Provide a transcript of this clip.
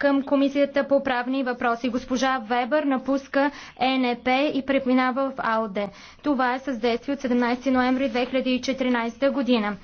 към Комисията по правни въпроси. Госпожа Вебър напуска ЕНП и преминава в АЛДЕ. Това е с действие от 17 ноември 2014 година.